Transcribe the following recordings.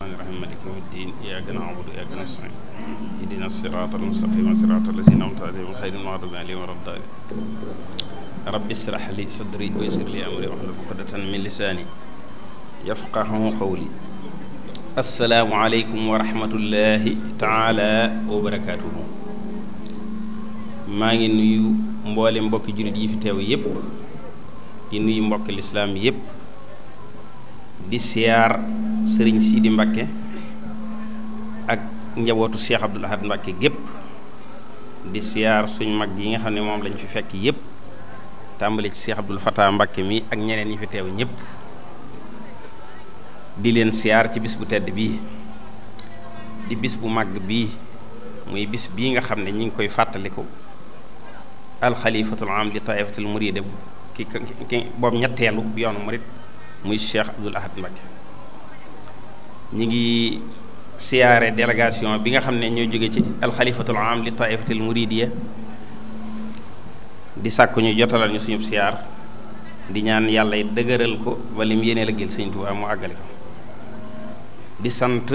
rahim rabbi ishrah li sadri wa yassir li amri wahlul uqdatan min lisaani yafqahu qawli assalaamu aleykum wa rahmatullaahi taala maa ngi nuyu mboole mbokki jullit yi fi teew yépp di nuyu mbokki lislaam yépp di siyaar sëriñ di Mbakke ak njabootu Cheikh Abdoul Ahad Mbakke gépp di siyaar suñ mag yi nga xam ne moom lañ fi fekk yépp tàmbali ci Cheikh Abdoul Fatah Mbakke mi ak ñeneen ñi fi teew ñépp di leen siyaar ci bis bu tedd bii di bis bu màgg bii muy bis bii nga xam ne ñu ngi koy fàttaliku alxalifatul am di taifatul muride ki ki boobu ñetteelu yoonu murit muy Cheikh Abdoul Ahad Mbakke ñi ngi siyaare délégation bi nga xam ne ñoo jóge ci alxalifatul am li taifatil muridiya di sàkk ñu jotalal ñu suñu siyaar di ñaan yàlla dëgëral ko ba lim yéene la gil sëñ Tuubaa mu àggale ko di sant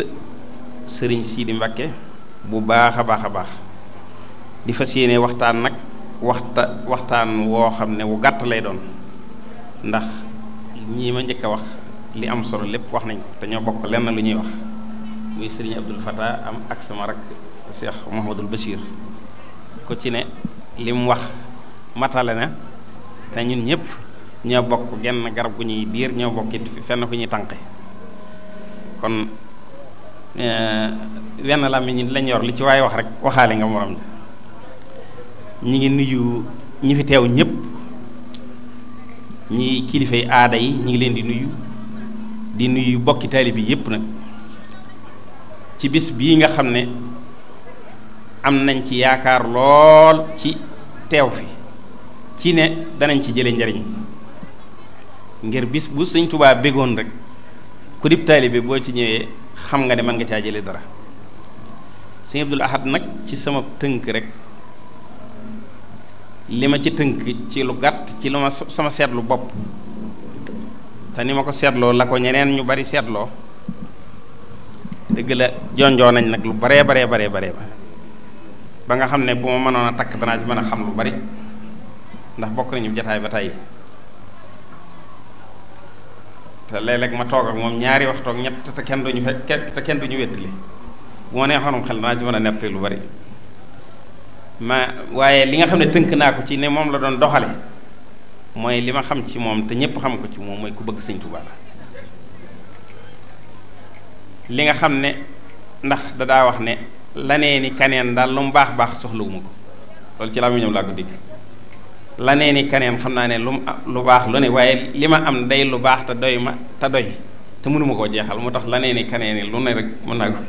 sëriñ Sidi Mbakke bu baax a baax a baax di fa yéene waxtaan nag waxta waxtaan woo xam ne wu gàtt lay doon ndax ñii ma jëkk a wax li am solo lépp wax nañ ko te ñoo bokk lenn lu ñuy wax muy sëriñ Abdul Fattah am ak sama rak Cheikh Mouhamadul Bachir ku ci ne li wax matale na te ñun ñëpp ñoo bokk genn garab gu ñuy biir ñoo bokk it fenn fu ñuy tànqe kon eh, wenn làmmiñ ñi lañ yor li ci waaye wax rek waxaale nga morom ñi ngi nuyu ñi fi teew ñépp ñi kilifay aada yi ñi ngi leen di nuyu di nuyu bokki taalibe yépp nag ci bis bii nga xam ne am nañ ci yaakaar lool ci teew fi ci ne danañ ci jële njariñ ngir bis bu sëñ Tuubaa bëggoon rek ku dib taalibe boo ci ñëwee xam nga ne mën nga caa jële dara sëñ Abdul Ahad nag ci sama tënk rekk li ma ci tënk ci lu gàtt ci lu ma sama seetlu bopp te ni ma ko seetloo la ko ñeneen ñu bari seetloo dëgg la jonjoo nañ nag lu baree baree baree baree ba nga xam ne bu ma mënoon a takk danaa ci mën a xam lu bari ndax bokk nañu jataay ba tey te léeg-léeg ma toog ak moom ñaari waxtu ñett te kenn duñu fekk te kenn duñu wettali bu ma nee xarum xel danaa ci mën a nettali lu bari ma waaye li nga xam ne tënk naa ko ci ne moom la doon doxale mooy li ma xam ci moom te ñépp xam ko ci moom mooy ku bëgg sëñ Tuubaa la li nga xam ne ndax dadaa wax ne la lanee ni kaneen daal lu mu baax baax soxlawuma ko loolu ci laa mu laa ko lanee ni kaneen xam naa ne lu mu lu lu ne waaye li ma am day lu baax te doy ma te doy te mënuma koo jeexal moo tax lanee ni kaneen ni lu ne rek mën naa ko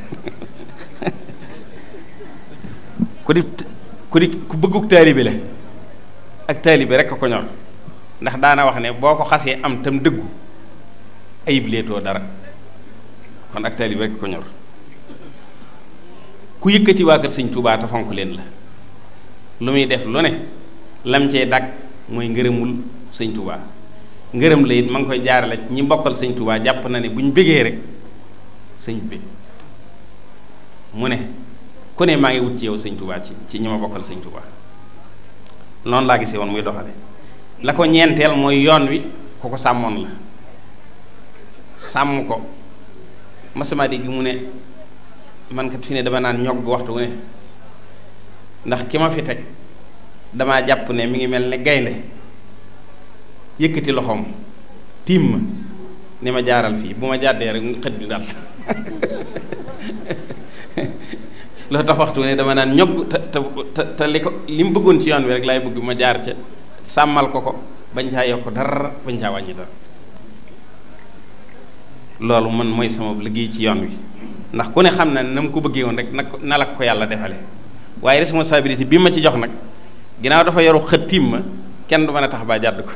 ku di ku di ku bëgguk taalibe la ak taalibe rek ko ñor ndax daana wax ne boo ko xasee am tam dëggu ayib leetoo dara kon ak taalib rekk ko ñor ku yëkkati waa kër sëñ Tuubaa te fonk leen la lu muy def lu ne lam cee dàkk mooy ngërëmul sëñ Tuubaa ngërëm la it ma ngi koy jaarale ñi bokkal sëñ Tuubaa jàpp na ne bu ñu bëggee rek sëñ bi mu ne ku ne maa ngi wut ci yow sëñ Tuubaa ci ci ñi ma bokkal sëñ Tuubaa noonu laa gisee woon muy doxale la ko ñeenteel mooy yoon wi ku ko sàmmoon la sàmm ko masamadi gi mu ne man kat fi ne dama naan ñog waxtu wu ne ndax ki ma fi teg damaa jàpp ne mi ngi mel ne gaynde yëkkati loxoom tiim ma ni ma jaaral fii bu ma jàddee rek xët bi dal loolu tax waxtu wu ne dama naan ñog te te li ko li mu bëggoon ci yoon wi rek laay bëgg ma jaar ca sàmmal ko ko bañ caa yokk dara bañ caa wàññi dara loolu mën mooy sama liggéey ci yoon wi ndax ku ne xam na na mu ko bëggee woon rek na na la ko yàlla defale waaye responsabilité bi ma ci jox nag ginnaaw dafa yoru xëttiim ma kenn du mën a tax baa jàdd ko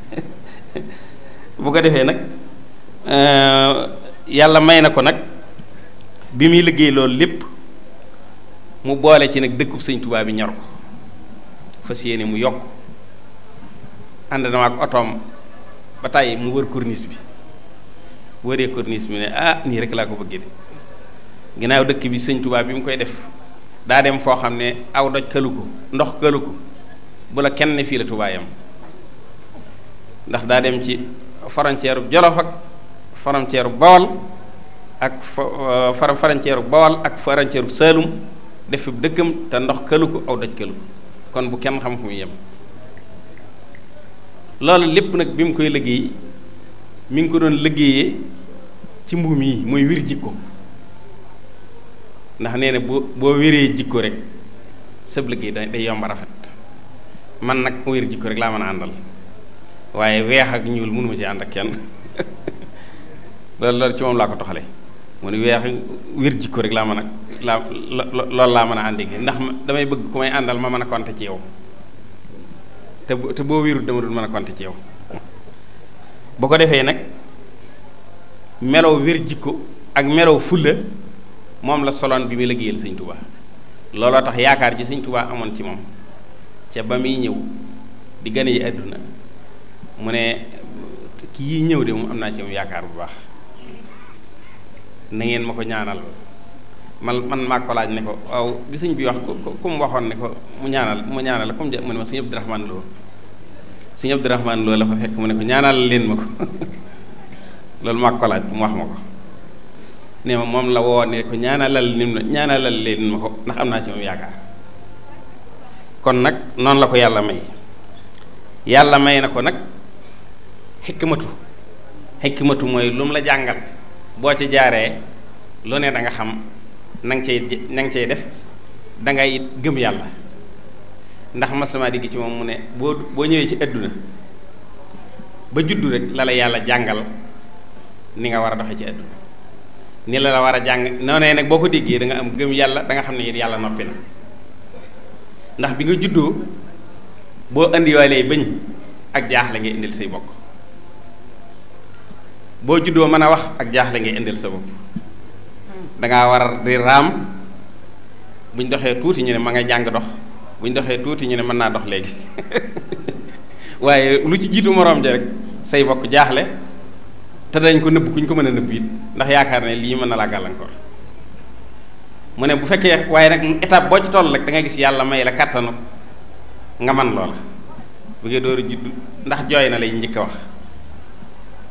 bu ko defee nag euh, yàlla may na ko nag bi muy liggéey loolu lépp mu boole ci nag dëkku sëñ Tuubaa bi ñor ko fas yéene mu yokk ànd na ak otoom ba tàyyi mu wër corniche bi wëree corniche bi ne ah nii rek laa ko bëggee de ginnaaw dëkk bi sëñ Tuubaa bi mu koy def daa dem foo xam ne aw doj këlu ko ndox këlu ko bu la kenn fii la Tuubaa ndax daa dem ci frontière Jolof ak frontière Bawol ak fa euh, frontière Bawol ak frontière Saalum def fi dëkkam te ndox këlu ko aw doj këlu kon bu kenn xam fu muy yem loolu lépp nag bi mu koy liggéey mi ngi ko doon liggéeyee ci mbuum yi mooy wér jikko ndax nee na boo boo wéree jikko rek sab liggéey day yomb rafet man nag wér jikko rek laa mën a àndal waaye weex ak ñuul mënuma ci ànd ak kenn loolu loolu ci moom laa ko toxale mu ne weex wér jikko rek laa mën a laa loolu laa mën a ànd ndax damay bëgg ku may àndal ma mën a konte ci yow te te boo wérut dama dul mën a compter ci yow bu ko defee nag melaw wér jikko ak melaw fulla moom la soloon bi muy liggéeyal sëñ Tuubaa looloo tax yaakaar ji sëñ Tuubaa amoon ci moom ca ba muy ñëw di gane yi àdduna mu ne kii ñëw de moom am naa ci moom yaakaar bu baax na ngeen ma ko ñaanal man man maa ne ko waaw bi sëñ bi wax ku mu waxoon ne ko mu ñaanal mu ñaanal comme mu ne ma sëñ Abdourahmane Lo sëñ Abdourahmane Lo la ko fekk mu ne ko ñaanal leen ma ko loolu maa mu wax ma ko nee ma moom la woo ne ko ñaanalal la leen ma ko ndax am naa ci moom yaakaar kon nag noonu la ko yàlla may yàlla may na ko nag xikmatu xikmatu mooy lu mu la jàngal. boo ci jaaree lu ne danga xam nang nga cay na cay def dangay gëm yàlla ndax maslama di gi ci moom mu ne boo boo ñëwee ci àdduna ba juddu rek la la yàlla jàngal ni nga war a doxe ci àdduna ni la la war a jàng ne nag boo ko déggee da nga am gëm yàlla da nga xam ne it yàlla noppi na ndax bi nga juddoo boo indiwaalee bañ ak jaaxle nga indil say bokk boo juddoo mën a wax ak jaaxle ngay indil sa bopp dangaa war di raam buñ doxee tuuti ñu ne ma nga jàng dox buñ doxee tuuti ne mën naa dox léegi waaye lu ci jiitu moroom ja rek say bokk jaaxle te dañ ko nëbb kuñ ko mën a nëbb it ndax yaakaar ne lii mën na laa gàllankoor mu ne bu fekkee waaye nag étape boo ci toll rek da gis yàlla may la kàttanu nga man loola bu ngeen door ndax jooy na lay njëkk a wax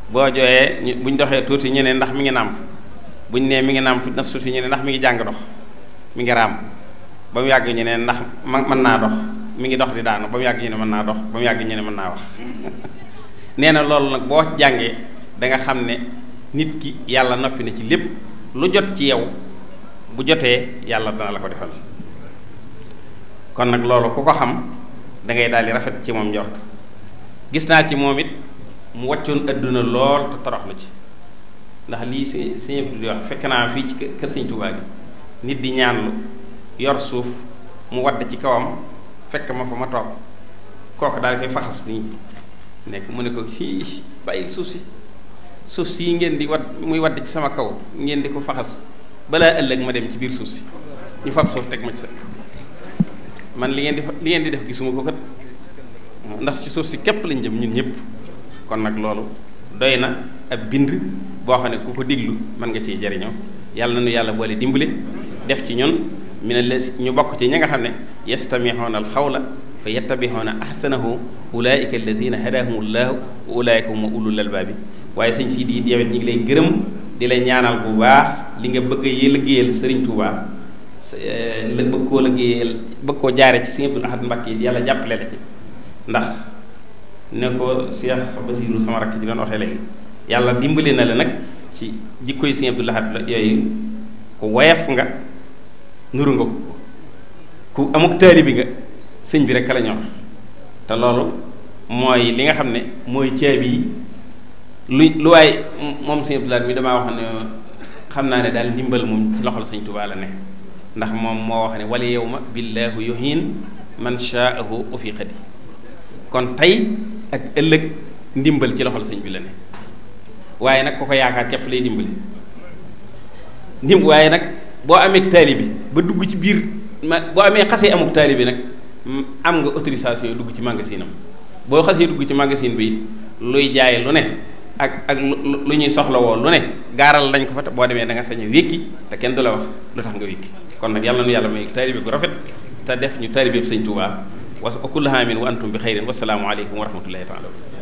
boo bu ñu doxee tuuti ñu ne ndax mi ngi nàmp buñ nee mi ngi nàmp na suuti ñu ndax mi ngi jàng dox mi ngi raam ba mu yàgg ñu ne ndax ma mën naa dox mi ngi dox di daanu ba mu yàgg ñu ne mën naa dox ba mu yàgg ñu ne mën naa wax nee na loolu nag boo jàngee danga xam ne nit ki yàlla noppi na ci lépp lu jot ci yow bu jotee yàlla dana la ko defal kon nag loolu ku ko xam dangay ngay daal di rafet ci moom njort gis naa ci moom it. mu wàccoon adduna lool te toroxlu ci ndax lii sëñ sëñ Abdou di wax fekk naa fii ci kër sëñ Tuubaa gi nit di ñaan ñaanlu yor suuf mu wadd ci kawam fekk ma fa ma toog kooku daal koy faxas nii nekk mu ne ko si bàyyil suuf si suuf si ngeen di wadd muy wadd ci sama kaw ngeen di ko faxas balaa ëllëg ma dem ci biir suuf si ñu fab suuf teg ma ci sa man li ngeen di li ngeen di def gisuma ko kat ndax ci suuf si képp lañ jëm ñun ñëpp kon nag loolu doy na ab bind boo xam ne ku ko diglu mën nga ciy jariñoo yàlla na nu yàlla boole dimbali def ci ñun mi ne les ñu bokk ci ñi nga xam ne xaw alxawla fa yattabixoona ahsanahu ulaayika alladina hadahumullahu wa ulaayika huma ulul albaabi waaye sëñ siid yi yow it ñu ngi lay gërëm di lay ñaanal bu baax li nga bëgg a liggéeyal sëriñ Tuubaa eh, bëgg koo liggéeyal bëgg koo jaare ci sëñ Abdul Ahad Mbàkke yi yàlla jàppale la ci ndax ne ko Cheikh Basirou sama rakk ji doon waxee léegi yàlla dimbali na la nag ci jikkoy Sëñ Abdou Lahad la yooyu ku woyof nga nuru nga ku amuk taalibi nga sëñ bi rek la ñor te loolu mooy li nga xam ne mooy caabi yi lu lu waay moom Sëñ Abdou mi damaa wax ne xam naa ne daal ndimbal moom ci loxol Sëñ Tuubaa ne ndax moom moo wax ne wala yow ma billaahu yuhin man shaahu ufiqadi kon tey ak ëllëg ndimbal ci loxol sëñ bi la ne waaye nag ku ko yaakaar képp lay dimbali ndim waaye nag boo amee taalibe ba dugg ci biir ma boo amee xasee amuk taalibe nag mm, am nga autorisation dugg ci magasin boo xasee dugg ci magasin bi it luy jaay lu ne ak ak lu ñuy woon lu ne gaaral lañ ko fa te boo demee da sañ a wékki te kenn du la wax lu tax nga wékki kon nag yàlla nu yàlla may taalibe bu rafet te def ñu taalibe bu sëñ Tuubaa wa kullu aamin wa antum bi xayrin wasalaamu aleykum wa rahmatullahi taala